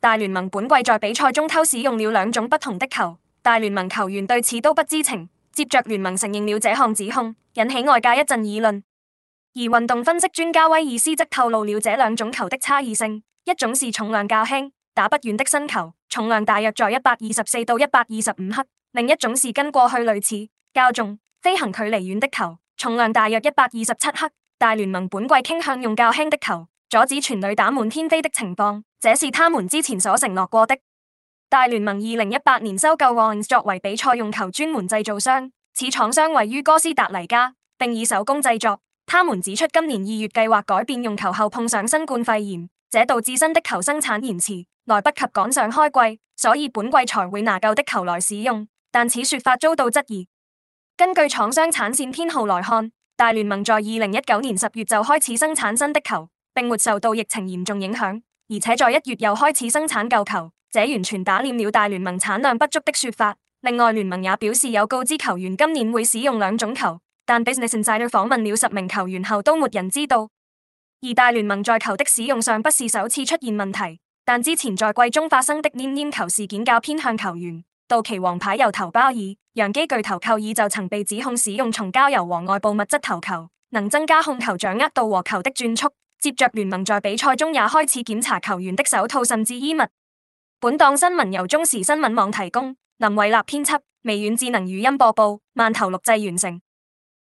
大聯盟本季在比賽中偷使用了兩種不同的球，大聯盟球員對此都不知情。接着聯盟承認了這項指控，引起外界一陣議論。而運動分析專家威爾斯則透露了這兩種球的差異性：一種是重量較輕、打不遠的新球，重量大約在一百二十四到一百二十五克；另一種是跟過去類似、較重、飛行距離遠的球，重量大約一百二十七克。大聯盟本季傾向用較輕的球。阻止全壘打滿天飛的情況，這是他們之前所承諾過的。大聯盟2018年收購 Rawlings 作為比賽用球專門製造商，此廠商位於哥斯達黎加，並以手工製作。他們指出今年二月計劃改變用球後，碰上新冠肺炎，這導致新的球生產延遲，來不及趕上開季，所以本季才會拿舊的球來使用。但此說法遭到質疑。根據廠商產線編號來看，大聯盟在2019年十月就開始生產新的球。並沒受到疫情嚴重影響，而且在一月又開始生產舊球，這完全打臉了大聯盟產量不足的說法。另外，聯盟也表示有告知球員今年會使用兩種球，但 Business Insider 訪問了十名球員後，都沒人知道。而大聯盟在球的使用上不是首次出現問題，但之前在季中發生的黏黏球事件較偏向球員。道奇王牌右投包爾、洋基巨頭寇爾就曾被指控使用松焦油和外部物質投球，能增加控球掌握度和球的轉速。接着聯盟在比賽中也開始檢查球員的手套甚至衣物。本檔新聞由中時新聞網提供，林偉立編輯，微軟智能語音播報，慢頭錄製完成。